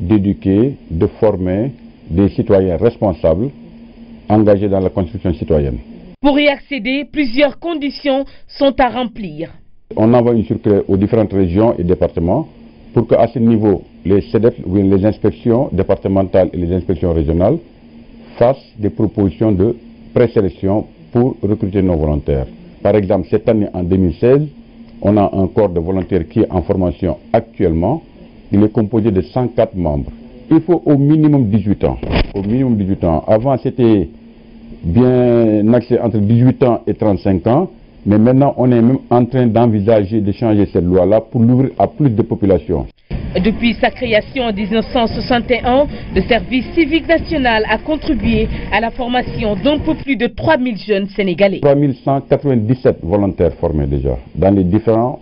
d'éduquer, de former des citoyens responsables engagés dans la construction citoyenne. Pour y accéder, plusieurs conditions sont à remplir. On envoie une circulaire aux différentes régions et départements pour qu'à ce niveau, les les inspections départementales et les inspections régionales fassent des propositions de présélection pour recruter nos volontaires. Par exemple, cette année, en 2016, on a un corps de volontaires qui est en formation actuellement. Il est composé de 104 membres. Il faut au minimum 18 ans. Au minimum 18 ans. Avant, c'était bien axé entre 18 ans et 35 ans. Mais maintenant, on est même en train d'envisager de changer cette loi-là pour l'ouvrir à plus de populations. Depuis sa création en 1961, le service civique national a contribué à la formation d'un peu plus de 000 jeunes sénégalais. 197 volontaires formés déjà dans les différents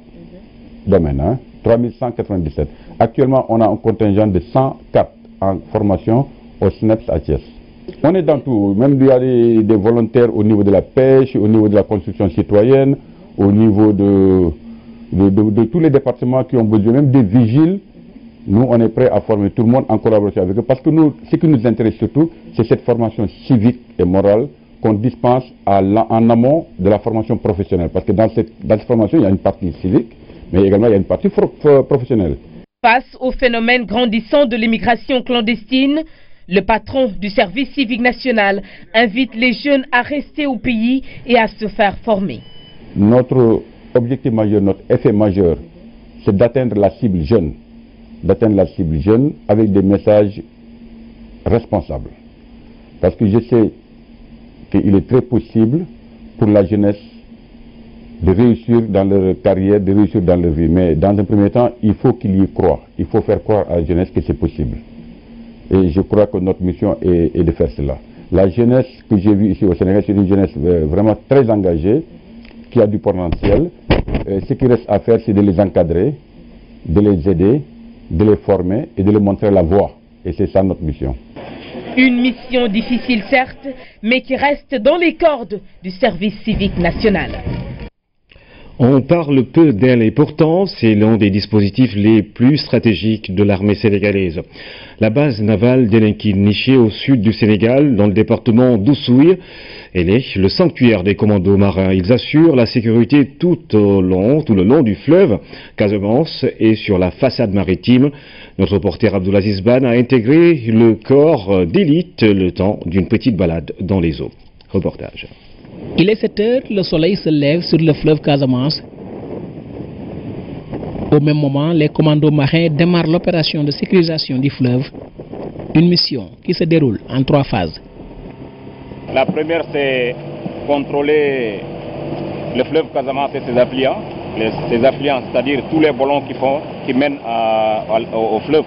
domaines. 3197. Hein. Actuellement, on a un contingent de 104 en formation au SNEPS HS. E on est dans tout, même il y a des, volontaires au niveau de la pêche, au niveau de la construction citoyenne, au niveau de tous les départements qui ont besoin, même des vigiles nous, on est prêt à former tout le monde en collaboration avec eux, parce que nous, ce qui nous intéresse surtout, c'est cette formation civique et morale qu'on dispense en amont de la formation professionnelle. Parce que dans cette formation, il y a une partie civique, mais également il y a une partie professionnelle. Face au phénomène grandissant de l'immigration clandestine, le patron du service civique national invite les jeunes à rester au pays et à se faire former. Notre objectif majeur, notre effet majeur, c'est d'atteindre la cible jeune d'atteindre la cible jeune avec des messages responsables. Parce que je sais qu'il est très possible pour la jeunesse de réussir dans leur carrière, de réussir dans leur vie. Mais dans un premier temps, il faut qu'il y croit. Il faut faire croire à la jeunesse que c'est possible. Et je crois que notre mission est, de faire cela. La jeunesse que j'ai vue ici au Sénégal, c'est une jeunesse euh, vraiment très engagée, qui a du potentiel. ce qu'il reste à faire, c'est de les encadrer, de les aider de les former et de leur montrer la voie. Et c'est ça notre mission. Une mission difficile certes, mais qui reste dans les cordes du service civique national. On parle peu d'elle et pourtant c'est l'un des dispositifs les plus stratégiques de l'armée sénégalaise. La base navale d'Elenkin, nichée au sud du Sénégal, dans le département d'Oussouille, elle est le sanctuaire des commandos marins. Ils assurent la sécurité tout au long, le long du fleuve Casemance et sur la façade maritime. Notre reporter Abdoulaziz Ban a intégré le corps d'élite le temps d'une petite balade dans les eaux. Reportage. Il est 7 heures, le soleil se lève sur le fleuve Casamance. Au même moment, les commandos marins démarrent l'opération de sécurisation du fleuve, une mission qui se déroule en trois phases. La première, c'est contrôler le fleuve Casamance et ses affluents, ses affluents, c'est-à-dire tous les ballons qui, font, qui mènent au, fleuve.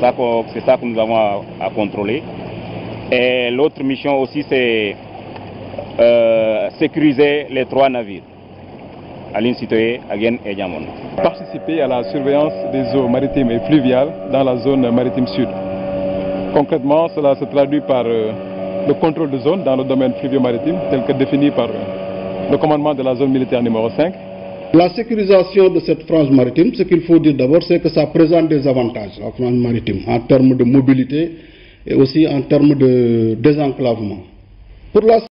C'est ça que nous avons à contrôler. Et l'autre mission aussi, c'est euh, sécuriser les trois navires. Aline Citoye, Agen et Diamond. Participer à la surveillance des eaux maritimes et fluviales dans la zone maritime sud. Concrètement, cela se traduit par euh, le contrôle de zone dans le domaine fluvio-maritime tel que défini par euh, le commandement de la zone militaire numéro 5. La sécurisation de cette frange maritime, ce qu'il faut dire d'abord, c'est que ça présente des avantages, frange maritime, en termes de mobilité et aussi en termes de désenclavement. Pour la